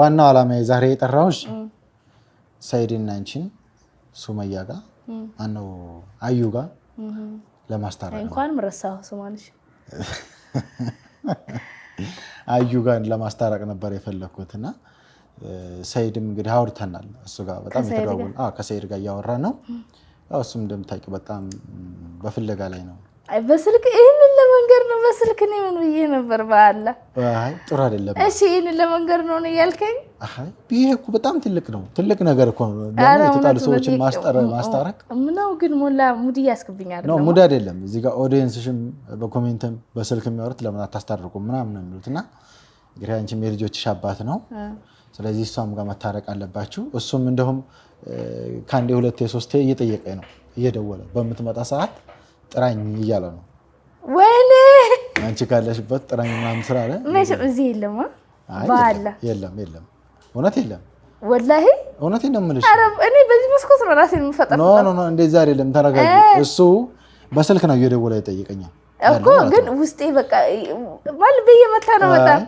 ዋናው ዓላማዬ የዛሬ የጠራሁሽ ሰኢድና አንቺን ሱመያ ጋ ማነው አዩ ጋ ለማስታረቅ እንኳንም ረሳሁ ስሟንሽ አዩ ጋር ለማስታረቅ ነበር የፈለግኩት እና ሰኢድም እንግዲህ አውርተናል። እሱ ጋር በጣም የተደዋወልን ከሰኢድ ጋር እያወራን ነው። እሱም እንደምታውቂው በጣም በፍለጋ ላይ ነው። በስልክ ይህን ለመንገር ነው በስልክ እኔ ምን ብዬ ነበር? በአላ ጥሩ አይደለም። እሺ ይህን ለመንገድ ነው ነው እያልከኝ? ይሄ እኮ በጣም ትልቅ ነው፣ ትልቅ ነገር እኮ ነው። የተጣሉ ሰዎችን ማስታረቅ ምነው ግን ሞላ ሙድ እያስክብኛል። ሙድ አይደለም። እዚህ ጋር ኦዲየንስሽም በኮሜንትም በስልክ የሚያወሩት ለምን አታስታርቁ ምናምን የሚሉት እና እንግዲህ አንቺም የልጆችሽ አባት ነው። ስለዚህ እሷም ጋር መታረቅ አለባችሁ። እሱም እንደውም ከአንዴ ሁለቴ ሶስቴ እየጠየቀ ነው፣ እየደወለ በምትመጣ ሰዓት ጥራኝ እያለ ነው ወይኔ አንቺ ካለሽበት ጥራኝ ምናምን ስራ አለ መቼም እዚህ የለም። የለም፣ የለም፣ እውነት የለም። ወላሂ ነው የምልሽ። እኔ በዚህ መስኮት ነው ራሴን እንደዛ አይደለም፣ ተረጋጊ። እሱ በስልክ ነው እየደወለ እኮ ግን ውስጤ በቃ ብዬ መታ ነው። በጣም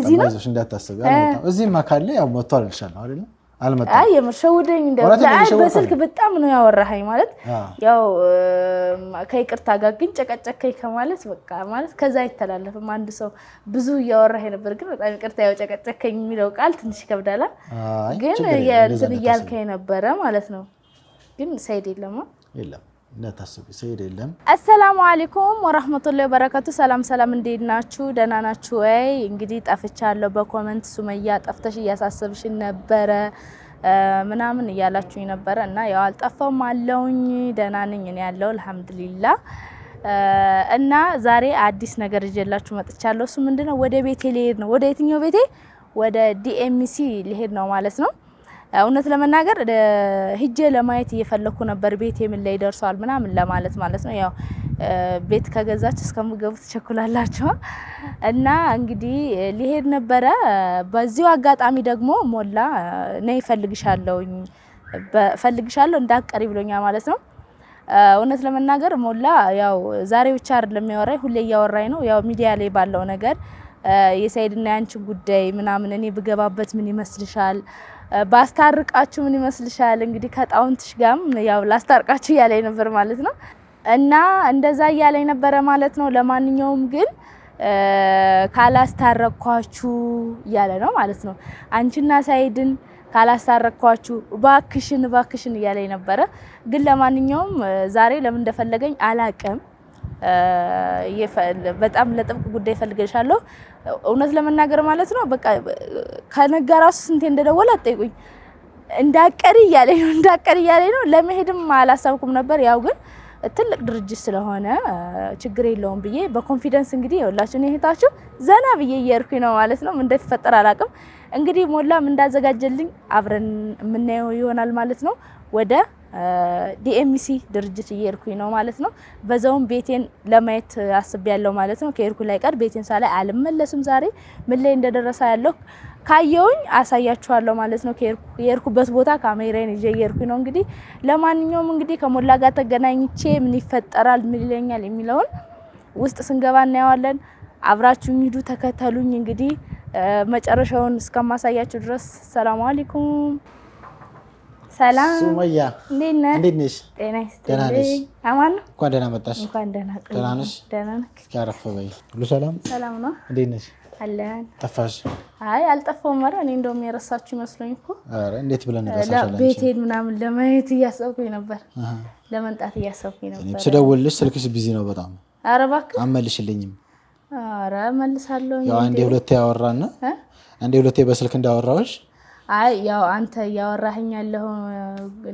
እዚህ ነው ያው አይደለም አልመጣም የምሸውደኝ በስልክ በጣም ነው ያወራኸኝ። ማለት ያው ከይቅርታ ጋር ግን ጨቀጨከኝ ከማለት በቃ ማለት ከዛ አይተላለፍም። አንድ ሰው ብዙ እያወራኸኝ ነበር፣ ግን በጣም ይቅርታ ያው ጨቀጨከኝ የሚለው ቃል ትንሽ ይከብዳላ። ግን እንትን እያልከኝ ነበረ ማለት ነው። ግን ሰይድ የለማ የለም እንዳታስቢ ስሄድ የለም። አሰላሙ አለይኩም ወራህመቱላሂ ወበረካቱ። ሰላም ሰላም፣ እንዴት ናችሁ? ደህና ናችሁ ወይ? እንግዲህ ጠፍቻለሁ። በኮመንት ሱመያ ጠፍተሽ እያሳሰብሽን ነበረ ምናምን እያላችሁኝ ነበረ እና ያው አልጠፋሁም አለውኝ። ደህና ነኝ እኔ ያለው አልሐምዱሊላህ። እና ዛሬ አዲስ ነገር ይዤላችሁ መጥቻለሁ። እሱ ምንድነው? ወደ ቤቴ ልሄድ ነው። ወደ የትኛው ቤቴ? ወደ ዲኤምሲ ልሄድ ነው ማለት ነው እውነት ለመናገር ሂጄ ለማየት እየፈለኩ ነበር፣ ቤት የምን ላይ ደርሷል ምናምን ለማለት ማለት ነው። ያው ቤት ከገዛች እስከምገቡ ትቸኩላላችሁ እና እንግዲህ ሊሄድ ነበረ። በዚሁ አጋጣሚ ደግሞ ሞላ ነይ እፈልግሻለሁኝ እፈልግሻለሁ እንዳቀሪ ብሎኛ ማለት ነው። እውነት ለመናገር ሞላ ያው ዛሬ ብቻ አይደለም የሚያወራኝ፣ ሁሌ እያወራኝ ነው። ያው ሚዲያ ላይ ባለው ነገር የሳይድና ያንቺ ጉዳይ ምናምን እኔ ብገባበት ምን ይመስልሻል ባስታርቃችሁ ምን ይመስልሻል? እንግዲህ ከጣውንትሽ ጋም ያው ላስታርቃችሁ እያለኝ ነበር ማለት ነው። እና እንደዛ እያለኝ ነበረ ማለት ነው። ለማንኛውም ግን ካላስታረቅኳችሁ እያለ ነው ማለት ነው። አንቺና ሳይድን ካላስታረቅኳችሁ እባክሽን እባክሽን እያለኝ ነበረ። ግን ለማንኛውም ዛሬ ለምን እንደፈለገኝ አላቅም በጣም ለጥብቅ ጉዳይ ፈልገሻለሁ። እውነት ለመናገር ማለት ነው በቃ ከነጋ ራሱ ስንቴ እንደደወለ አጠይቁኝ። እንዳቀሪ እያለኝ ነው እንዳቀሪ እያለኝ ነው። ለመሄድም አላሰብኩም ነበር። ያው ግን ትልቅ ድርጅት ስለሆነ ችግር የለውም ብዬ በኮንፊደንስ እንግዲህ የወላችሁ ነው እህታችሁ ዘና ብዬ እየሄድኩኝ ነው ማለት ነው። እንደተፈጠረ አላውቅም። እንግዲህ ሞላም እንዳዘጋጀልኝ አብረን የምናየው ይሆናል ማለት ነው ወደ ዲኤምሲ ድርጅት እየሄድኩኝ ነው ማለት ነው። በዛውም ቤቴን ለማየት ያለው ማለት ነው። ከሄድኩ ላይ ቀር ቤቴን ሳላይ አልመለስም። ዛሬ ምን ላይ እንደደረሰ ያለው ካየውኝ አሳያችኋለሁ ማለት ነው። የሄድኩበት ቦታ ካሜራዬን ይዤ እየሄድኩኝ ነው። እንግዲህ ለማንኛውም እንግዲህ ከሞላ ጋር ተገናኝቼ ምን ይፈጠራል፣ ምን ይለኛል የሚለውን ውስጥ ስንገባ እናየዋለን። አብራችሁኝ ሂዱ፣ ተከተሉኝ። እንግዲህ መጨረሻውን እስከማሳያችሁ ድረስ ሰላም አለይኩም። ሰላም ሱመያ፣ እንዴት ነህ? እንዴት ነሽ? እንኳን ደህና መጣሽ። ደህና ነሽ? እስኪ አረፍ በይ። ሁሉ ሰላም? ሰላም ነው። እንዴት ነሽ? አለን። ጠፋሽ? አይ አልጠፋሁም። ኧረ እኔ እንደውም የረሳችሁ ይመስለኝ እኮ። ኧረ እንዴት ብለን ረሳሻለን? ቤቴን ምናምን ለማየት እያሰብኩኝ ነበር፣ ለመምጣት እያሰብኩኝ ነበር። ስደውልልሽ ስልክሽ ቢዚ ነው በጣም። ኧረ እባክህ አትመልሽልኝም። ኧረ እመልሳለሁ። ያው አንዴ ሁለቴ ያወራና አንዴ ሁለቴ በስልክ እንዳወራሁሽ አይ ያው አንተ እያወራህኝ ያለው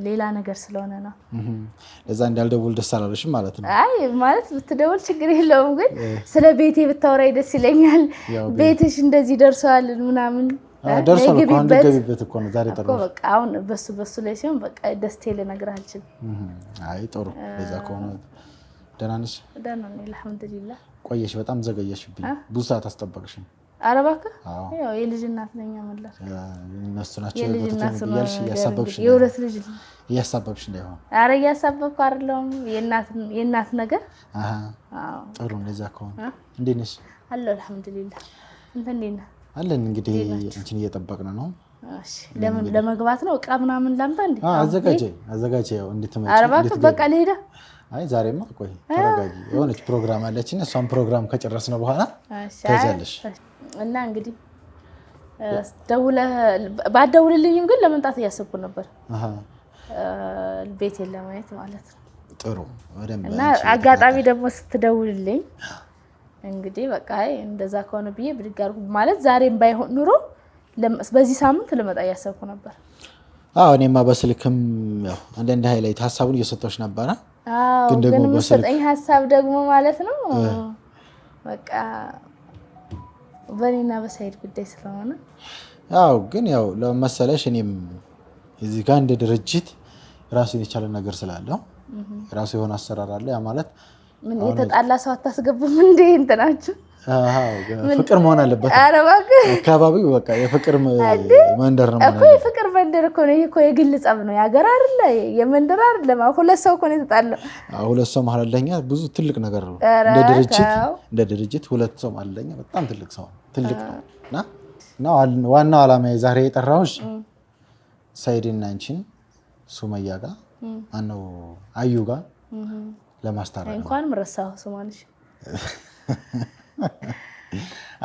ሌላ ነገር ስለሆነ ነው። እዛ እንዳልደውል ደስ አላለሽም ማለት ነው? አይ ማለት ብትደውል ችግር የለውም ግን ስለ ቤቴ ብታወራኝ ደስ ይለኛል። ቤትሽ እንደዚህ ደርሰዋል ምናምን ደርሷል እኮ ነው ዛሬ ጠራሁሽ። በቃ አሁን በሱ በሱ ላይ ሲሆን በቃ ደስቴ ልነግርህ አልችልም። አይ ጥሩ በዛ ከሆነ ደህና ነሽ? ደህና ነኝ አልሐምዱሊላህ። ቆየሽ፣ በጣም ዘገየሽብኝ። ብዙ ሰዓት አስጠበቅሽኝ። ኧረ እባክህ የልጅ እናት ነኝ እነሱ ናቸው የሁለት ልጅ እያሳበብሽ እንዳይሆን። ኧረ እያሳበብኩ አይደለሁም። የእናት ነገር ጥሩ። ከሆነ እንዴት ነሽ? አለሁ አልሐምዱሊላህ። እንዴት ነህ? አለን እንግዲህ አንቺን እየጠበቅን ነው። ለመግባት ነው። እቃ ምናምን ላምጣ እንዴ? አዘጋጀ አዘጋጀ። ያው እንድትመጪ። ኧረ እባክህ በቃ አይ ዛሬማ ቆይ ተረጋጊ። የሆነች ፕሮግራም አለችና እሷን ፕሮግራም ከጨረስን በኋላ ትሄጃለሽ። እና እንግዲህ ባደውልልኝም ግን ለመምጣት እያሰብኩ ነበር ቤቴን ለማየት ማለት ነው። ጥሩ እና አጋጣሚ ደግሞ ስትደውልልኝ እንግዲህ በቃ እንደዛ ከሆነ ብዬ ብድግ አልኩ። ማለት ዛሬም ባይሆን ኑሮ በዚህ ሳምንት ልመጣ እያሰብኩ ነበር። አዎ እኔማ በስልክም አንዳንድ ሀይላይት ሀሳቡን እየሰጠች ነበረ። ግን ደግሞ የምትሰጠኝ ሀሳብ ደግሞ ማለት ነው በቃ በእኔና በሳይድ ጉዳይ ስለሆነ ያው ግን ያው ለመሰለሽ እኔም እዚህ ጋር እንደ ድርጅት ራሱን የቻለ ነገር ስላለው ራሱ የሆነ አሰራር አለ። ያ ማለት ምን የተጣላ ሰው አታስገቡም እንዴ? እንትናችሁ ፍቅር መሆን አለበት። አካባቢ በቃ የፍቅር መንደር ነው እኮ የፍቅር መንደር እኮ ነው። ይሄ እኮ የግል ጸብ ነው። የሀገር አለ የመንደር አይደለም። ሁለት ሰው እኮ ነው የተጣለው። ሁለት ሰው መሀል አለኛ ብዙ ትልቅ ነገር ነው። እንደ ድርጅት ሁለት ሰው አለኛ በጣም ትልቅ ሰው ነው። ትልቅ ነው እና እና ዋናው ዓላማ ዛሬ የጠራሁሽ ሰኢድና አንቺን ሱመያ ጋ ማነው አዩ ጋ ለማስታረቅ እንኳንም ረሳሁ ሱማንሽ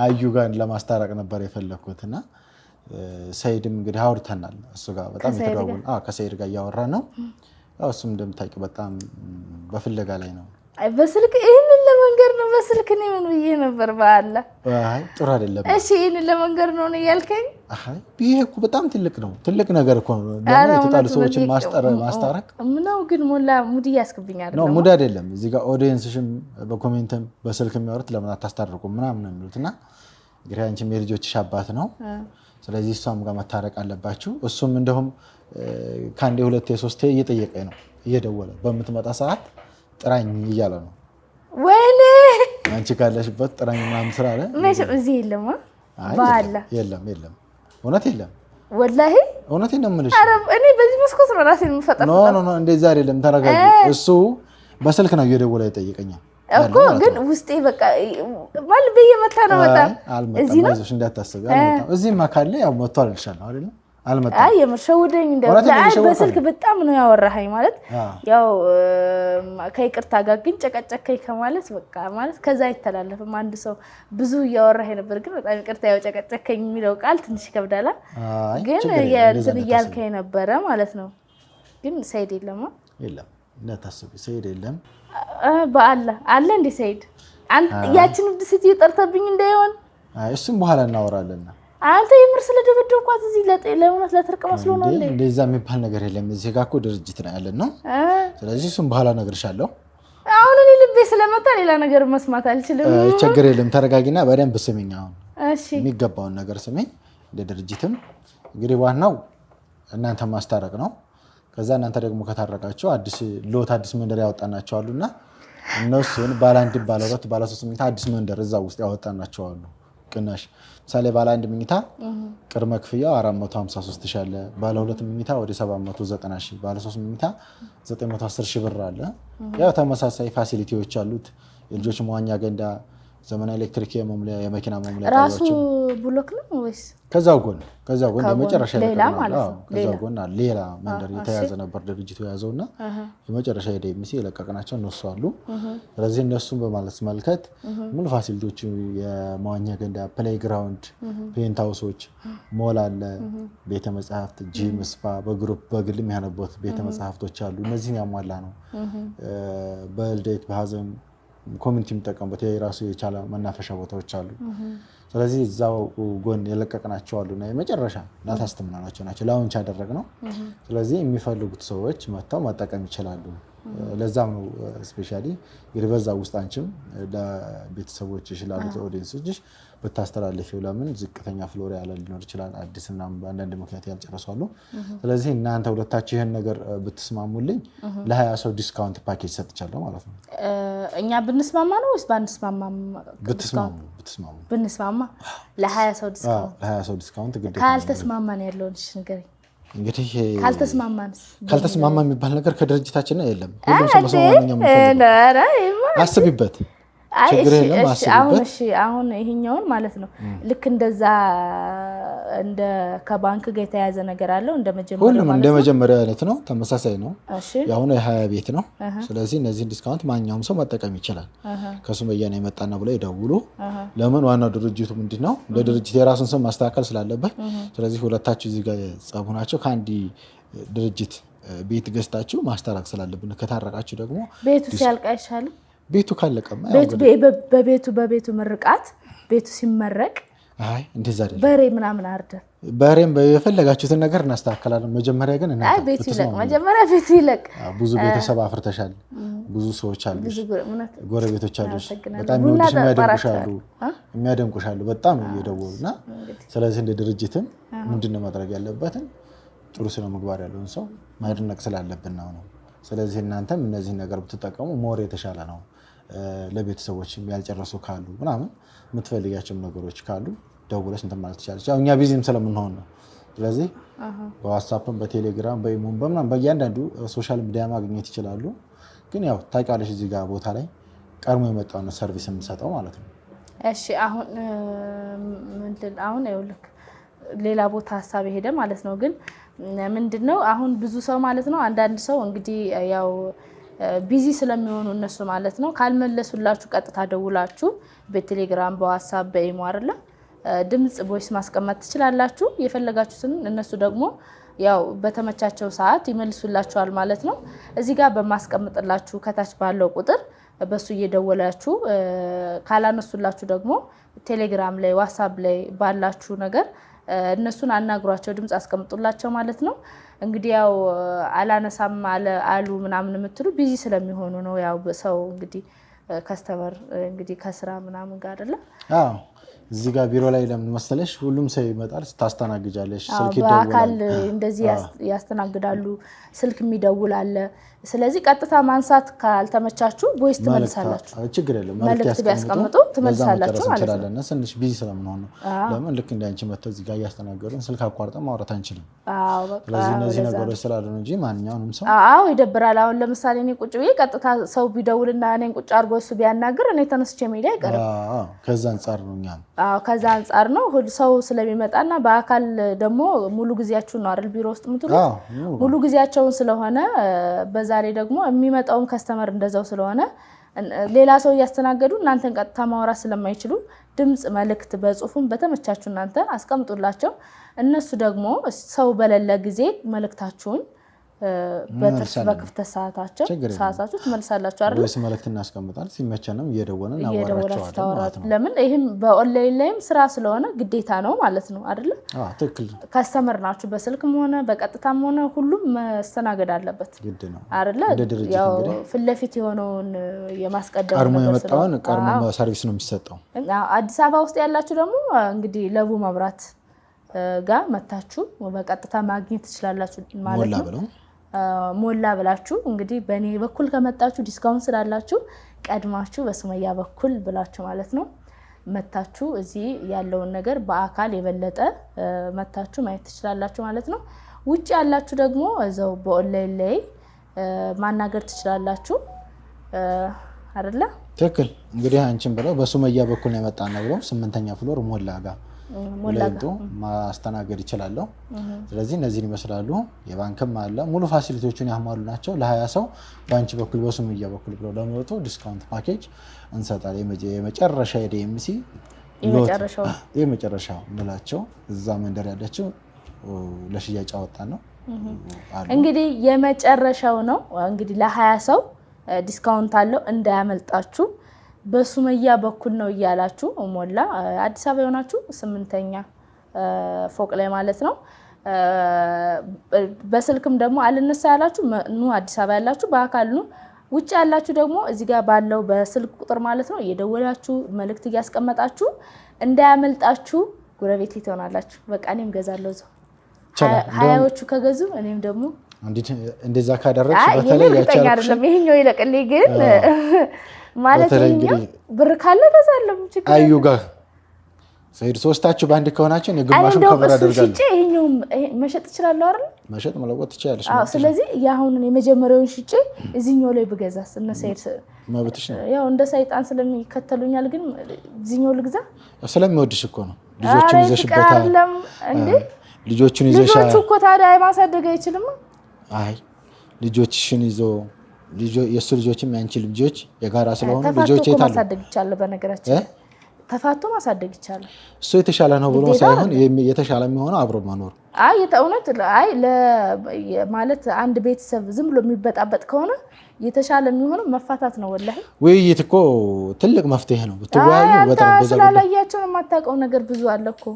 አዩ ጋር ለማስታረቅ ነበር የፈለግኩት እና ሰኢድም እንግዲህ አውርተናል። እሱ ጋር በጣም የተደዋወልን ከሰኢድ ጋር እያወራ ነው። እሱም እንደምታውቂው በጣም በፍለጋ ላይ ነው በስልክ ይህን ለመንገር ነው በስልክ እኔ ምን ብዬ ነበር? በአለ ጥሩ አይደለም። እሺ ይህን ለመንገር ነው ነው እያልከኝ ይሄ እኮ በጣም ትልቅ ነው፣ ትልቅ ነገር እኮ የተጣሉ ሰዎችን ማስታረቅ ምነው ግን ሞላ ሙድ እያስክብኝ ነው። ሙድ አይደለም እዚህ ጋር ኦዲየንስሽም በኮሜንትም በስልክ የሚያወሩት ለምን አታስታርቁ ምናምን ነው የሚሉት እና እንግዲህ አንቺም የልጆችሽ አባት ነው። ስለዚህ እሷም ጋር መታረቅ አለባችሁ። እሱም እንደውም ከአንዴ ሁለቴ ሶስቴ እየጠየቀ ነው እየደወለ በምትመጣ ሰዓት ጥራኝ እያለ ነው ወይኔ አንቺ ካለሽበት ጥራኝ ምናምን ስራ አለ መቼም እዚህ የለም። ባለ የለም፣ የለም፣ እውነት የለም። ወላሂ እውነቴን ነው የምልሽ። እኔ በዚህ መስኮት ነው እራሴን የምፈጠር። ኖ ኖ ኖ፣ እንደዛ አይደለም። ተረጋጊ። እሱ በስልክ ነው እየደወለ ይጠይቀኛል እኮ ግን ውስጤ በቃ ማለት በየመታ ነው። መጣ። እዚህ ነው እንዳታስቢ። እዚህማ ካለ ያው መጥቷል እልሻለሁ አይደለም አልመጣም። የምሸውደኝ በስልክ በጣም ነው ያወራኸኝ። ማለት ያው ከይቅርታ ጋር ግን ጨቀጨከኝ ከማለት በቃ ማለት ከዛ አይተላለፍም። አንድ ሰው ብዙ እያወራህ ነበር፣ ግን በጣም ይቅርታ ያው ጨቀጨከኝ የሚለው ቃል ትንሽ ይከብዳል። ግን የእንትን እያልከኝ ነበረ ማለት ነው። ግን ሰይድ የለማ የለም፣ እንዳታስቢ ሰይድ የለም። በአላህ አለ እንደ ሰይድ ያችን ሴትዮ ጠርተብኝ እንዳይሆን እሱም በኋላ እናወራለና አንተ የምር ስለደበደብኳት እዚህ ለእውነት ለትርቅ መስሎ ነው እንዴ? እንደዛ የሚባል ነገር የለም። እዚህ ጋ እኮ ድርጅት ነው ያለን ነው። ስለዚህ እሱም በኋላ እነግርሻለሁ። አሁን እኔ ልቤ ስለመጣ ሌላ ነገር መስማት አልችልም። ችግር የለም። ተረጋጊና በደንብ ስሚኝ። አሁን የሚገባውን ነገር ስሚኝ። እንደ ድርጅትም እንግዲህ ዋናው እናንተ ማስታረቅ ነው። ከዛ እናንተ ደግሞ ከታረቃችሁ አዲስ ሎት አዲስ መንደር ያወጣናቸዋሉ እና እነሱን ባለ አንድ ባለ ሁለት ባለ ሶስት አዲስ መንደር እዛ ውስጥ ያወጣናቸዋሉ ቅናሽ ምሳሌ ባለ አንድ ምኝታ ቅድመ ክፍያው 453 ሺህ አለ። ባለ ሁለት ምኝታ ወደ 790 ሺ፣ ባለ ሶስት ምኝታ 910 ሺ ብር አለ። ያው ተመሳሳይ ፋሲሊቲዎች አሉት። የልጆች መዋኛ ገንዳ ዘመናዊ ኤሌክትሪክ የመሙያ የመኪና መሙያ ራሱ ብሎክ ነው ወይስ ከዛው ጎን ከዛው ጎን የመጨረሻ ከዛው ጎን ሌላ መንደር የተያዘ ነበር ድርጅቱ የያዘው እና የመጨረሻ ሄደ ሚሲ የለቀቅናቸው እነሱ አሉ። ስለዚህ እነሱን መልከት ምን ፋሲሊቲዎቹ የመዋኛ ገንዳ፣ ፕሌይ ግራውንድ፣ ፔንት ሃውሶች፣ ሞል አለ፣ ቤተ መጽሐፍት፣ ጂም፣ ስፓ በግሩፕ በግልም ያነቦት ቤተ መጽሐፍቶች አሉ። እነዚህን ያሟላ ነው በልደት በሀዘን ኮሚኒቲ የሚጠቀሙበት የራሱ የቻለ መናፈሻ ቦታዎች አሉ። ስለዚህ እዛው ጎን የለቀቅናቸው አሉና የመጨረሻ እናት አስተምናናቸው ናቸው ላውንች ነው። ስለዚህ የሚፈልጉት ሰዎች መጥተው መጠቀም ይችላሉ። ለዛም ነው ስፔሻሊ እንግዲህ በዛ ውስጥ አንቺም ለቤተሰቦች ላሉት ኦዲየንሶችሽ ብታስተላልፊው ለምን ዝቅተኛ ፍሎር ያለ ሊኖር ይችላል፣ አዲስ ምናምን በአንዳንድ ምክንያት ያልጨረሷሉ። ስለዚህ እናንተ ሁለታችሁ ይህን ነገር ብትስማሙልኝ ለሀያ ሰው ዲስካውንት ፓኬጅ ሰጥቻለሁ ማለት ነው። እኛ ብንስማማ ነው ወይስ ባንስማማ? ብንስማማ ለሀያ ሰው ዲስካውንት ግዴታ። ካልተስማማን ያለውን ንገረኝ። እንግዲህ ካልተስማማ የሚባል ነገር ከድርጅታችን የለም። ሁሉም ሰው አስቢበት አሁን ይሄኛውን ማለት ነው። ልክ እንደዛ እንደ ከባንክ ጋር የተያያዘ ነገር አለው። ሁሉም እንደ መጀመሪያ አይነት ነው፣ ተመሳሳይ ነው። የአሁኑ የሀያ ቤት ነው። ስለዚህ እነዚህን ዲስካውንት ማንኛውም ሰው መጠቀም ይችላል። ከሱመያ ነው የመጣና ብለው ይደውሉ። ለምን ዋናው ድርጅቱ ምንድን ነው እንደ ድርጅት የራሱን ስም ማስተካከል ስላለበት፣ ስለዚህ ሁለታችሁ እዚህ ጋር ጸቡ ናቸው ከአንድ ድርጅት ቤት ገዝታችሁ ማስታረቅ ስላለብን ከታረቃችሁ ደግሞ ቤቱ ሲያልቅ አይሻልም ቤቱ ካለቀ በቤቱ በቤቱ ምርቃት ቤቱ ሲመረቅ እንደዛ በሬ ምናምን አርደ በሬም የፈለጋችሁትን ነገር እናስተካከላለን። መጀመሪያ ግን አይ ቤቱ ይለቅ፣ መጀመሪያ ቤቱ ይለቅ። ብዙ ቤተሰብ አፍርተሻል፣ ብዙ ሰዎች አሉ፣ ጎረቤቶች አሉ፣ በጣም የሚወዱሽ የሚያደንቁሻሉ፣ የሚያደንቁሻሉ በጣም እየደወሉ እና ስለዚህ እንደ ድርጅትም ምንድን ማድረግ ያለበትን ጥሩ ስነ ምግባር ያለውን ሰው ማድነቅ ስላለብን ነው ነው። ስለዚህ እናንተም እነዚህን ነገር ብትጠቀሙ ሞር የተሻለ ነው። ለቤተሰቦችም ያልጨረሱ ካሉ ምናምን የምትፈልጋቸው ነገሮች ካሉ ደውለሽ እንትን ማለት ትችላለች። ያው እኛ ቢዚም ስለምንሆን ነው። ስለዚህ በዋትሳፕም በቴሌግራም በኢሞም በምናምን በእያንዳንዱ ሶሻል ሚዲያ ማግኘት ይችላሉ። ግን ያው ታውቂያለሽ እዚህ ጋር ቦታ ላይ ቀድሞ የመጣውን ሰርቪስ የምንሰጠው ማለት ነው። እሺ አሁን ምንድን አሁን ይኸውልህ ሌላ ቦታ ሀሳብ የሄደ ማለት ነው። ግን ምንድን ነው አሁን ብዙ ሰው ማለት ነው አንዳንድ ሰው እንግዲህ ያው ቢዚ ስለሚሆኑ እነሱ ማለት ነው። ካልመለሱላችሁ ቀጥታ ደውላችሁ በቴሌግራም በዋትሳፕ በኢሞ አይደለ ድምፅ ቦይስ ማስቀመጥ ትችላላችሁ። የፈለጋችሁትን እነሱ ደግሞ ያው በተመቻቸው ሰዓት ይመልሱላችኋል ማለት ነው። እዚህ ጋር በማስቀምጥላችሁ ከታች ባለው ቁጥር በሱ እየደወላችሁ ካላነሱላችሁ ደግሞ ቴሌግራም ላይ ዋትሳፕ ላይ ባላችሁ ነገር እነሱን አናግሯቸው ድምፅ አስቀምጡላቸው ማለት ነው። እንግዲህ ያው አላነሳም አሉ ምናምን የምትሉ ቢዚ ስለሚሆኑ ነው። ያው ሰው እንግዲህ ከስተመር እንግዲህ ከስራ ምናምን ጋር አይደለም። አዎ እዚህ ጋር ቢሮ ላይ ለምን መሰለሽ ሁሉም ሰው ይመጣል፣ ታስተናግጃለሽ፣ በአካል እንደዚህ ያስተናግዳሉ፣ ስልክ የሚደውል አለ። ስለዚህ ቀጥታ ማንሳት ካልተመቻችሁ ቦይስ ትመልሳላችሁ፣ ችግር የለም። መልዕክት ቢያስቀምጡ ትመልሳላችሁ ማለት ነው። ትንሽ ቢዚ ስለምንሆን ነው። ለምን ልክ እንደ አንቺ መጥተው እዚህ ጋር እያስተናገዱን ስልክ አቋርጠ ማውራት አንችልም። ስለዚህ እነዚህ ነገሮች ስላሉ እንጂ ማንኛውንም ሰው አዎ ይደብራል። አሁን ለምሳሌ እኔ ቁጭ ብዬ ቀጥታ ሰው ቢደውልና እኔን ቁጭ አድርጎ በሱ ቢያናግር እኔ ተነስቼ መሄድ አይቀርም። ከዛ አንጻር ነው እኛ ከዛ አንጻር ነው ሰው ስለሚመጣና በአካል ደግሞ ሙሉ ጊዜያችሁን ነው አይደል ቢሮ ውስጥ ምትሉ ሙሉ ጊዜያቸውን ስለሆነ በዛ ላይ ደግሞ የሚመጣውም ከስተመር እንደዛው ስለሆነ ሌላ ሰው እያስተናገዱ እናንተን ቀጥታ ማውራት ስለማይችሉ ድምፅ መልእክት በጽሁፍም በተመቻችሁ እናንተ አስቀምጡላቸው። እነሱ ደግሞ ሰው በሌለ ጊዜ መልእክታችሁን በትርፍ በክፍተት ሰዓታቸው ሰዓታቸው አይደል? ወይስ እናስቀምጣል ሲመቸንም እናወራቸዋለን። ለምን ይህም በኦንላይን ላይም ስራ ስለሆነ ግዴታ ነው ማለት ነው አይደለ? ትክክል። ከስተመር ናችሁ። በስልክም ሆነ በቀጥታም ሆነ ሁሉም መስተናገድ አለበት አይደለ? ፊት ለፊት የሆነውን የማስቀደም ቀድሞ የመጣውን ቀድሞ ሰርቪስ ነው የሚሰጠው። አዲስ አበባ ውስጥ ያላችሁ ደግሞ እንግዲህ ለቡ መብራት ጋር መታችሁ በቀጥታ ማግኘት ትችላላችሁ ማለት ነው። ሞላ ብላችሁ እንግዲህ በእኔ በኩል ከመጣችሁ ዲስካውንት ስላላችሁ ቀድማችሁ በሱመያ በኩል ብላችሁ ማለት ነው መታችሁ እዚህ ያለውን ነገር በአካል የበለጠ መታችሁ ማየት ትችላላችሁ ማለት ነው። ውጭ ያላችሁ ደግሞ እዛው በኦንላይን ላይ ማናገር ትችላላችሁ አይደለ? ትክክል። እንግዲህ አንቺን ብለው በሱመያ በኩል ነው የመጣ ነው ብለው ስምንተኛ ፍሎር ሞላ ጋር ወላይቶ ማስተናገድ ይችላለሁ። ስለዚህ እነዚህን ይመስላሉ። የባንክም አለ ሙሉ ፋሲሊቲዎቹን ያሟሉ ናቸው። ለሀያ ሰው በአንቺ በኩል በሱምያ በኩል ብለው ለመጡ ዲስካውንት ፓኬጅ እንሰጣለን። የመጨረሻ የዲኤምሲ የመጨረሻ ምላቸው እዛ መንደር ያለችው ለሽያጭ አወጣ ነው እንግዲህ የመጨረሻው ነው እንግዲህ ለሀያ ሰው ዲስካውንት አለው እንዳያመልጣችሁ። በሱመያ በኩል ነው እያላችሁ ሞላ አዲስ አበባ የሆናችሁ ስምንተኛ ፎቅ ላይ ማለት ነው። በስልክም ደግሞ አልነሳ ያላችሁ ኑ አዲስ አበባ ያላችሁ በአካል ኑ። ውጭ ያላችሁ ደግሞ እዚህ ጋር ባለው በስልክ ቁጥር ማለት ነው እየደወላችሁ መልእክት እያስቀመጣችሁ እንዳያመልጣችሁ ጉረቤት ትሆናላችሁ። በቃ እኔም ገዛለሁ ዘው ሀያዎቹ ከገዙ እኔም ደግሞ እንደዛ ካደረግሽ ይሄኛው ይለቅልኝ ግን ማለት ብር ካለ ገዛለሁ። አዩ ጋር ሰይድ ሶስታችሁ በአንድ ከሆናችሁ የግማሹን ከበር አደርጋለሁ። ይሄኛው መሸጥ እችላለሁ አይደል? መሸጥ መለወጥ ትችያለሽ። አዎ። ስለዚህ የአሁኑን የመጀመሪያውን ሽጬ እዚህኛው ላይ ብገዛስ እነ ሰይድ መብትሽ ነው። ያው እንደ ሰይጣን ስለሚከተሉኛል፣ ግን እዚህኛው ልግዛ። ስለሚወድሽ እኮ ነው። ልጆቹን ይዘሽበታል። እንዴ ልጆቹን ይዘሻል። ልጆቹ እኮ ታዲያ ማሳደግ አይችልም። አይ ልጆችሽን ይዞ የእሱ ልጆችም ያንቺ ልጆች የጋራ ስለሆኑ ልጆች የታሉ ማሳደግ ይቻላል በነገራችን ተፋቶ ማሳደግ ይቻላል። እሱ የተሻለ ነው ብሎ ሳይሆን የተሻለ የሚሆነው አብሮ መኖር። አይ እውነት አይ ማለት አንድ ቤተሰብ ዝም ብሎ የሚበጣበጥ ከሆነ የተሻለ የሚሆነው መፋታት ነው። ወላሂ ውይይት እኮ ትልቅ መፍትሄ ነው። ብትወያዩ ስላላያቸው የማታውቀው ነገር ብዙ አለ እኮ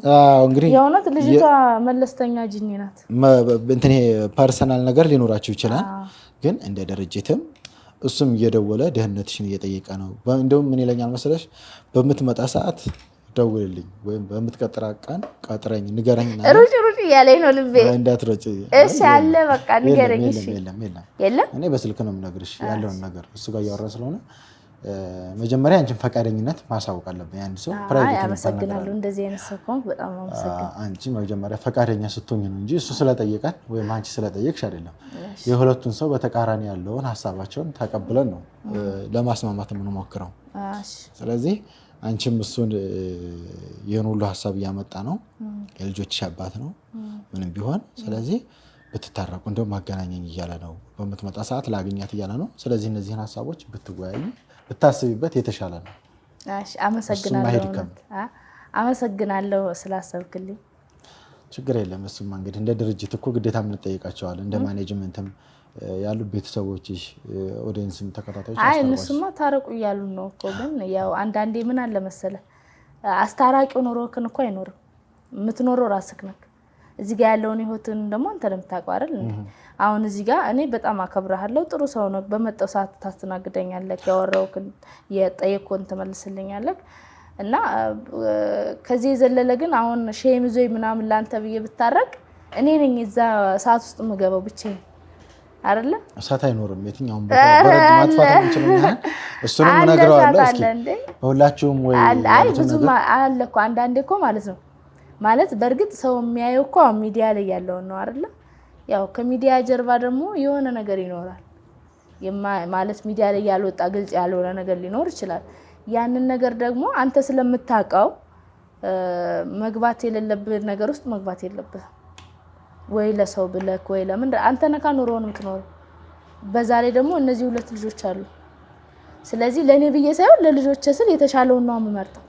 እንግዲህ። የእውነት ልጅቷ መለስተኛ ጅኒ ናት። እንትን ፐርሰናል ነገር ሊኖራቸው ይችላል፣ ግን እንደ ድርጅትም እሱም እየደወለ ደህንነትሽን እየጠየቀ ነው። እንደውም ምን ይለኛል መሰለሽ በምትመጣ ሰዓት ደውልልኝ ወይም በምትቀጥራ ቀን ቀጥረኝ ንገረኝ። ሩጭ ሩጭ እያለኝ ነው ልቤ። እንዳትሮጭ እሺ አለ በቃ ንገረኝ። የለም የለም፣ እኔ በስልክ ነው የምነግርሽ ያለውን ነገር እሱ ጋር እያወራ ስለሆነ መጀመሪያ አንቺን ፈቃደኝነት ማሳወቅ አለብኝ። አንድ ሰው አመሰግናለሁ እንደዚህ አይነት ሰው ከሆንክ በጣም አመሰግናለሁ። አንቺ መጀመሪያ ፈቃደኛ ስትሆኝ ነው እንጂ እሱ ስለጠየቀን ወይም አንቺ ስለጠየቅሽ አይደለም። የሁለቱን ሰው በተቃራኒ ያለውን ሀሳባቸውን ተቀብለን ነው ለማስማማት የምንሞክረው። ስለዚህ አንቺም እሱን ይህን ሁሉ ሀሳብ እያመጣ ነው፣ የልጆችሽ አባት ነው ምንም ቢሆን። ስለዚህ ብትታረቁ እንደውም ማገናኘኝ እያለ ነው፣ በምትመጣ ሰዓት ላግኛት እያለ ነው። ስለዚህ እነዚህን ሀሳቦች ብትወያዩ ብታስቢበት የተሻለ ነው። አመሰግናለሁ ስላሰብክልኝ። ችግር የለም። እሱማ እንግዲህ እንደ ድርጅት እኮ ግዴታ የምንጠይቃቸዋለን እንደ ማኔጅመንትም ያሉ ቤተሰቦች ኦዲየንስም ተከታታዮች። አይ እነሱማ ታረቁ እያሉ ነው እኮ። ግን ያው አንዳንዴ ምን አለ መሰለህ አስታራቂው ኖሮክን እኮ አይኖርም። የምትኖረው ራስክ ነክ። እዚህ ጋ ያለውን ህይወትን ደግሞ አንተ አይደል? አሁን እዚህ ጋር እኔ በጣም አከብረሃለሁ፣ ጥሩ ሰው ነው፣ በመጣው ሰዓት ታስተናግደኛለህ፣ ያወራውክን የጠየቅኩህን ትመልስልኛለህ እና ከዚህ የዘለለ ግን አሁን ሼም ዞይ ምናምን ላንተ ብዬ ብታረቅ እኔ ነኝ እዛ ሰዓት ውስጥ የምገባው ብቻዬን አይደለ? እሳት አይኖርም። የትኛውም ቦታ በረድ እሱንም እነግረዋለሁ። እስኪ ሁላችሁም ወይ አይ አለ እኮ አንዳንዴ እኮ ማለት ነው ማለት በእርግጥ ሰው የሚያየው እኮ ሚዲያ ላይ ያለውን ነው አይደለ? ያው ከሚዲያ ጀርባ ደግሞ የሆነ ነገር ይኖራል። ማለት ሚዲያ ላይ ያልወጣ ግልጽ ያልሆነ ነገር ሊኖር ይችላል። ያንን ነገር ደግሞ አንተ ስለምታውቀው መግባት የሌለብህ ነገር ውስጥ መግባት የለብህ ወይ ለሰው ብለክ ወይ ለምን አንተ ነካ ኑሮውን የምትኖረው። በዛ ላይ ደግሞ እነዚህ ሁለት ልጆች አሉ። ስለዚህ ለእኔ ብዬ ሳይሆን ለልጆች ስል የተሻለውን ነው የምመርጠው።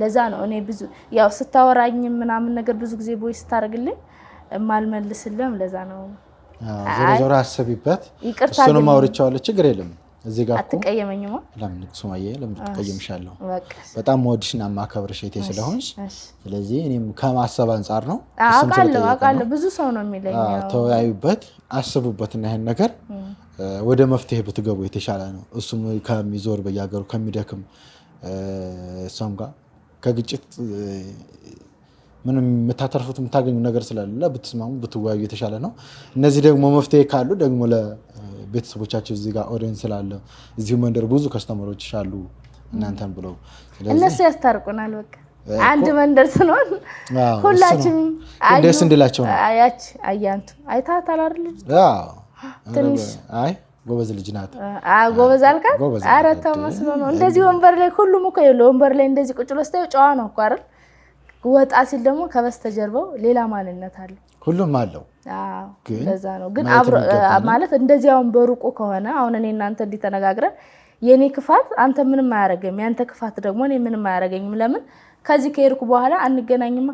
ለዛ ነው እኔ ብዙ ያው ስታወራኝ ምናምን ነገር ብዙ ጊዜ ቦይ ስታደርግልኝ የማልመልስልም ለዛ ነው። ዞሮ ዞሮ አስቢበት። እሱንም አውርቼዋለሁ። ችግር የለም እዚህ ጋር አትቀየመኝማ። ለምን ሱማዬ ለምን ትቀየምሻለሁ? በጣም ወድሽና ማከብርሽ እህቴ ስለሆንሽ፣ ስለዚህ እኔም ከማሰብ አንጻር ነው። አውቃለሁ አውቃለሁ፣ ብዙ ሰው ነው የሚለኝ። ተወያዩበት፣ አስቡበትና ይህን ነገር ወደ መፍትሄ ብትገቡ የተሻለ ነው። እሱም ከሚዞር በየሀገሩ ከሚደክም ሰውም ጋር ከግጭት ምንም የምታተርፉት የምታገኙ ነገር ስለሌለ ብትስማሙ ብትወያዩ የተሻለ ነው። እነዚህ ደግሞ መፍትሄ ካሉ ደግሞ ለቤተሰቦቻቸው እዚህ ጋር ኦዲየንስ ስላለ እዚሁ መንደር ብዙ ከስተመሮች አሉ እናንተን ብለው እነሱ ያስታርቁናል። በቃ አንድ መንደር ስለሆን ሁላችንም ደስ እንድላቸው ነው። ያች አያንቱ አይታት አላር ልጅ ትንሽ አይ ጎበዝ ልጅ ናት። ጎበዝ አልካት። ኧረ ተመስሎ ነው እንደዚህ ወንበር ላይ ሁሉም እኮ የለ ወንበር ላይ እንደዚህ ቁጭ ብሎ ስታየው ጨዋ ነው እኮ አይደል ወጣ ሲል ደግሞ ከበስተጀርባው ሌላ ማንነት አለው። ሁሉም አለው። ለዛ ነው ግን ማለት እንደዚያውን በሩቁ ከሆነ አሁን እኔ እናንተ እንዲህ ተነጋግረን የእኔ ክፋት አንተ ምንም አያደርገኝም፣ ያንተ ክፋት ደግሞ እኔ ምንም አያደርገኝም። ለምን ከዚህ ከሄድኩ በኋላ አንገናኝማ።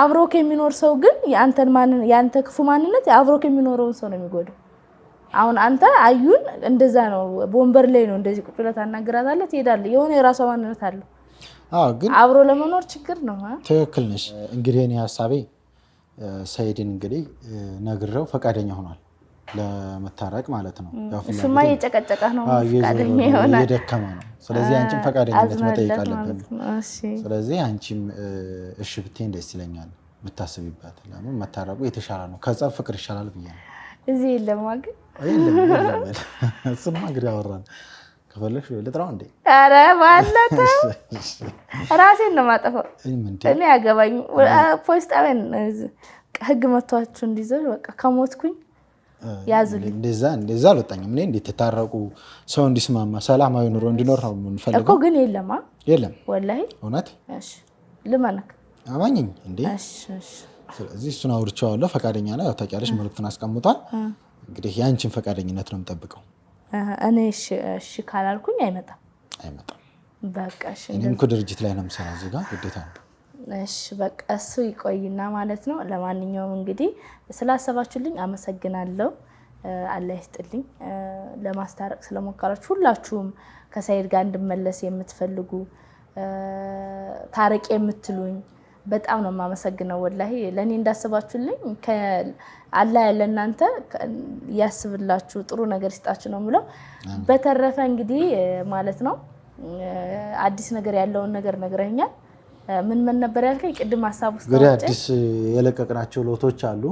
አብሮክ የሚኖር ሰው ግን የአንተ ክፉ ማንነት አብሮክ የሚኖረውን ሰው ነው የሚጎዳው። አሁን አንተ አዩን እንደዛ ነው፣ ወንበር ላይ ነው እንደዚህ ቁጭ ብለህ ታናግራታለህ፣ ትሄዳለህ። የሆነ የራሷ ማንነት አለው ግን አብሮ ለመኖር ችግር ነው። ትክክል ነሽ። እንግዲህ እኔ ሀሳቤ ሰይድን እንግዲህ ነግረው ፈቃደኛ ሆኗል ለመታረቅ ማለት ነው። እሱማ እየጨቀጨቀ ነው፣ እየደከመ ነው። ስለዚህ አንቺም ፈቃደኝነት መጠየቅ አለብን። ስለዚህ አንቺም እሺ ብቴን ደስ ይለኛል ብታስቢበት። ለምን መታረቁ የተሻለ ነው፣ ከጸብ ፍቅር ይሻላል ብዬ ነው። እዚህ የለማ ግን እሱማ እንግዲህ አወራን ከፈለግሽ ልጥራው እንዴ? ኧረ ባለተ ራሴን ነው ማጠፋው። እኔ ያገባኝ ፖሊስ ጣቢያ ህግ መቷችሁ እንዲዘው በቃ ከሞትኩኝ ያዙልኝ። እንደዛ እንደዛ አልወጣኝም እኔ። እንዴት ተታረቁ፣ ሰው እንዲስማማ፣ ሰላማዊ ኑሮ እንዲኖር ነው የምንፈልገው እኮ። ግን የለማ የለም፣ ወላሂ እውነት ልመነክ አማኝኝ እንዴ። ስለዚህ እሱን አውርቼዋለሁ፣ ፈቃደኛ ነው። ያው ታውቂያለሽ፣ መልዕክትን አስቀምጧል። እንግዲህ የአንቺን ፈቃደኝነት ነው የምጠብቀው። እኔ እሺ ካላልኩኝ አይመጣም አይመጣም። በቃ እኔም እኮ ድርጅት ላይ ነው የምሰራ እዚህ ጋር ግዴታ ነው። እሺ በቃ እሱ ይቆይና ማለት ነው። ለማንኛውም እንግዲህ ስላሰባችሁልኝ አመሰግናለሁ። አላህ ይስጥልኝ። ለማስታረቅ ስለሞከራችሁ ሁላችሁም ከሰይድ ጋር እንድመለስ የምትፈልጉ ታረቅ የምትሉኝ በጣም ነው የማመሰግነው። ወላሂ ለእኔ እንዳስባችሁልኝ አላ ያለ እናንተ ያስብላችሁ፣ ጥሩ ነገር ይስጣችሁ ነው የምለው። በተረፈ እንግዲህ ማለት ነው አዲስ ነገር ያለውን ነገር ነግረኛል። ምን ምን ነበር ያልከኝ ቅድም? ሀሳብ ውስጥ እንግዲህ አዲስ የለቀቅናቸው ሎቶች አሉ።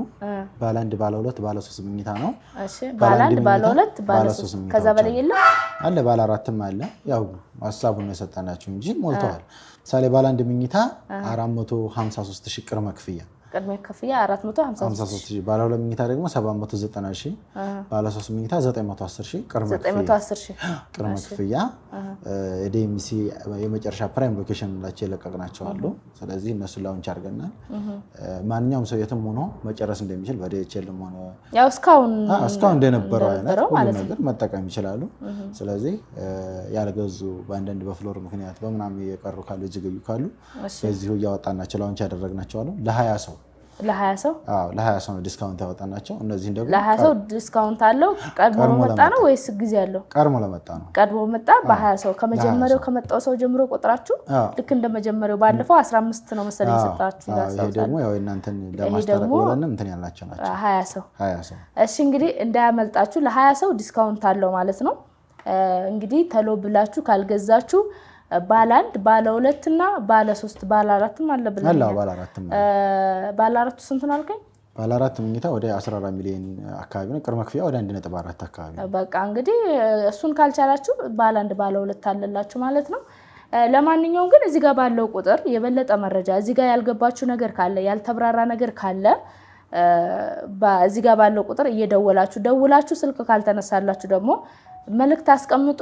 ባለ አንድ፣ ባለ ሁለት፣ ባለ ሶስት ምኝታ ነው። እሺ፣ ባለ አንድ፣ ባለ ሁለት፣ ባለ ሶስት ምኝታ ከዛ በላይ የለም አለ። ባለ አራትም አለ። ያው ሀሳቡን የሰጠናቸው እንጂ ሞልተዋል። ምሳሌ ባላንድ ምኝታ 453 ሺህ ቅድመ ክፍያ ቅድሚያ ክፍያ ባለ ሁለት መኝታ ደግሞ 790 ሺህ፣ ባለ ሶስት ምኝታ 910 ሺህ ቅድመ ክፍያ የዲኤምሲ የመጨረሻ ፕራይም ሎኬሽን ላቸው የለቀቅናቸው አሉ። ስለዚህ እነሱን ላውንች አድርገናል። ማንኛውም ሰው የትም ሆኖ መጨረስ እንደሚችል በዲኤችኤልም ሆነ እስካሁን እንደነበረው አይነት ነገር መጠቀም ይችላሉ። ስለዚህ ያልገዙ በአንዳንድ በፍሎር ምክንያት በምናም የቀሩ ካሉ ዝግዩ ካሉ በዚሁ እያወጣናቸው ላውንች ያደረግናቸው አሉ ለሀያ ሰው ለሀያ ሰው ሰው ነው ዲስካውንት ያወጣናቸው። እነዚህን ደግሞ ለሀያ ሰው ዲስካውንት አለው። ቀድሞ ነው ወይስ ጊዜ ቀድሞ ለመጣ ነው። ቀድሞ መጣ በሀያ ሰው ከመጀመሪያው ከመጣው ሰው ጀምሮ ቆጥራችሁ ልክ ባለፈው አስራ አምስት ነው መሰለኝ የሰጣችሁ። ይሄ ደግሞ ያው እናንተን እንትን ያላቸው ናቸው ሀያ ሰው ሀያ ሰው። እሺ እንግዲህ እንዳያመልጣችሁ፣ ለሀያ ሰው ዲስካውንት አለው ማለት ነው። እንግዲህ ተሎ ብላችሁ ካልገዛችሁ ባለአንድ ባለ እና ባለ ሶስት ባለ አራትም አለ ባለ አራቱ ስንት ነው አልከኝ? ባለ አራት መኝታ ወደ 14 ሚሊዮን አካባቢ ነው። ቅድመ ክፍያ ወደ 1.4 አካባቢ በቃ እንግዲህ እሱን ካልቻላችሁ ባለ አንድ ባለ ሁለት አለላችሁ ማለት ነው። ለማንኛውም ግን እዚህ ጋር ባለው ቁጥር የበለጠ መረጃ እዚህ ጋር ያልገባችሁ ነገር ካለ ያልተብራራ ነገር ካለ እዚህ ጋር ባለው ቁጥር እየደወላችሁ ደውላችሁ ስልክ ካልተነሳላችሁ ደግሞ መልእክት አስቀምጡ፣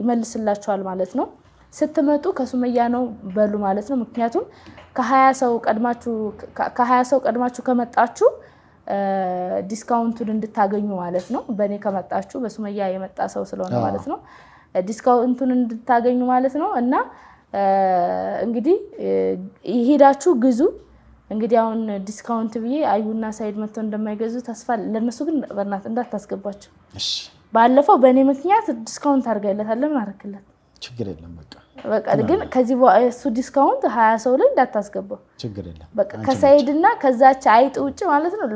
ይመልስላችኋል ማለት ነው። ስትመጡ ከሱመያ ነው በሉ ማለት ነው። ምክንያቱም ከሀያ ሰው ቀድማችሁ ከመጣችሁ ዲስካውንቱን እንድታገኙ ማለት ነው። በእኔ ከመጣችሁ በሱመያ የመጣ ሰው ስለሆነ ማለት ነው ዲስካውንቱን እንድታገኙ ማለት ነው። እና እንግዲህ ሄዳችሁ ግዙ። እንግዲህ አሁን ዲስካውንት ብዬ አዩና ሳይድ መጥተው እንደማይገዙ ተስፋ ለእነሱ ግን በእናት እንዳታስገባቸው። ባለፈው በእኔ ምክንያት ዲስካውንት አድርጋለታል። ለምን አደረክለት? ችግር የለም በቃ በቃ ግን ከዚህ እሱ ዲስካውንት ሀያ ሰው ላይ እንዳታስገባው። ችግር የለም በቃ ከሳይድ እና ከዛች አይጥ ውጭ ማለት ነው።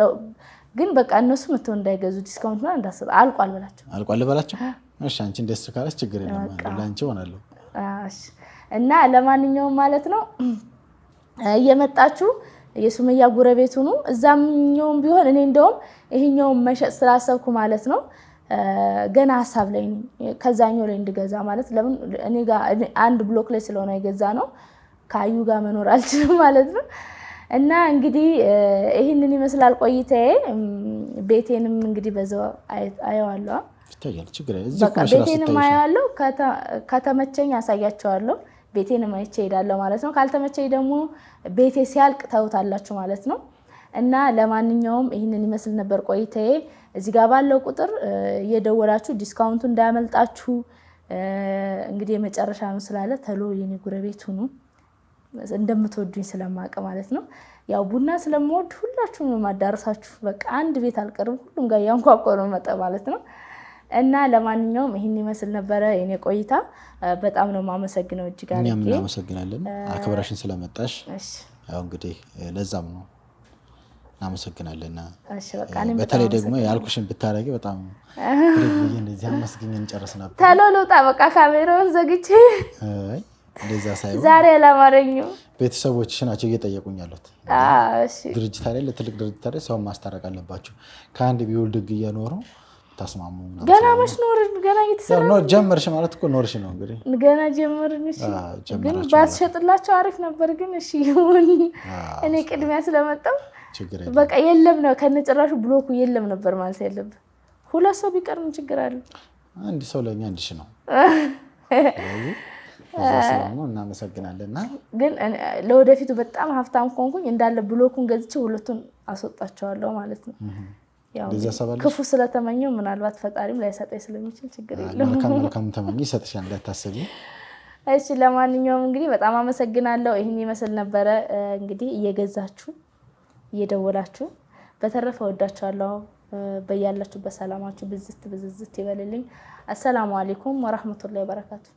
ግን በቃ እነሱ መጥተው እንዳይገዙ ዲስካውንት ና እንዳስበ አልቋል በላቸው አልቋል በላቸው። እሺ አንቺ እንደሱ ካለች ችግር የለም ለአንቺ ሆናለሁ እና ለማንኛውም ማለት ነው እየመጣችሁ የሱመያ ጉረቤት ሁኑ። እዛኛውም ቢሆን እኔ እንደውም ይሄኛውን መሸጥ ስላሰብኩ ማለት ነው ገና ሀሳብ ላይ ከዛኛው ላይ እንድገዛ ማለት ለምን እኔ ጋር አንድ ብሎክ ላይ ስለሆነ የገዛ ነው። ከአዩ ጋር መኖር አልችልም ማለት ነው። እና እንግዲህ ይህንን ይመስላል ቆይታዬ። ቤቴንም እንግዲህ በዛው አየዋለዋ፣ ቤቴንም አየዋለሁ። ከተመቸኝ አሳያቸዋለሁ። ቤቴን መቼ ሄዳለሁ ማለት ነው። ካልተመቸኝ ደግሞ ቤቴ ሲያልቅ ታዩታላችሁ ማለት ነው። እና ለማንኛውም ይህንን ይመስል ነበር ቆይታዬ። እዚህ ጋር ባለው ቁጥር እየደወላችሁ ዲስካውንቱ እንዳያመልጣችሁ። እንግዲህ የመጨረሻ ነው ስላለ ተሎ የኔ ጉረቤት ሁኑ እንደምትወዱኝ ስለማውቅ ማለት ነው። ያው ቡና ስለምወድ ሁላችሁም ማዳረሳችሁ በቃ አንድ ቤት አልቀርም፣ ሁሉም ጋር እያንኳኳ ነው መጠ ማለት ነው። እና ለማንኛውም ይህን ይመስል ነበረ የኔ ቆይታ። በጣም ነው የማመሰግነው እጅግ እኛም እናመሰግናለን አክብረሽን ስለመጣሽ። ያው እንግዲህ ለዛም ነው እናመሰግናለንና በተለይ ደግሞ ያልኩሽን ብታደረግ በጣም እንደዚህ አመስግኝ እንጨርስ ነበር። ተሎ ልውጣ በቃ ካሜራውን ዘግቼ እንደዛ ሳይሆን ዛሬ ለማረኙ ቤተሰቦችሽ ናቸው እየጠየቁኝ ያሉት ድርጅት ላይ ለትልቅ ድርጅት ላይ ሰውን ማስታረቅ አለባቸው ከአንድ ቢውልድግ እየኖረው ተስማሙ። ገና መች ኖርን? ገና እየተሰራ ጀመርሽ ማለት እኮ ኖርሽ ነው እንግዲህ። ገና ጀመርን። ግን ባትሸጥላቸው አሪፍ ነበር። ግን እሺ ይሁን። እኔ ቅድሚያ ስለመጣው በቃ የለም ነው ከነጭራሹ ብሎኩ የለም ነበር ማለት ያለብ። ሁለት ሰው ቢቀርም ችግር አለ። አንድ ሰው ለእኛ አንድ ሺ ነው። እናመሰግናለና ግን ለወደፊቱ በጣም ሀብታም ከሆንኩኝ እንዳለ ብሎኩን ገዝቼ ሁለቱን አስወጣቸዋለሁ ማለት ነው። ክፉ ምናልባት ፈጣሪም ላይሰጠኝ ስለሚችል ችግር የለውም። መልካም ተመኝ ይሰጥሻል፣ እንዳታስቢ። እሺ፣ ለማንኛውም እንግዲህ በጣም አመሰግናለሁ። ይህን ይመስል ነበረ። እንግዲህ እየገዛችሁ እየደወላችሁ፣ በተረፈ ወዳችኋለሁ። በያላችሁበት ሰላማችሁ ብዝት ብዝዝት ይበልልኝ። አሰላሙ አሌይኩም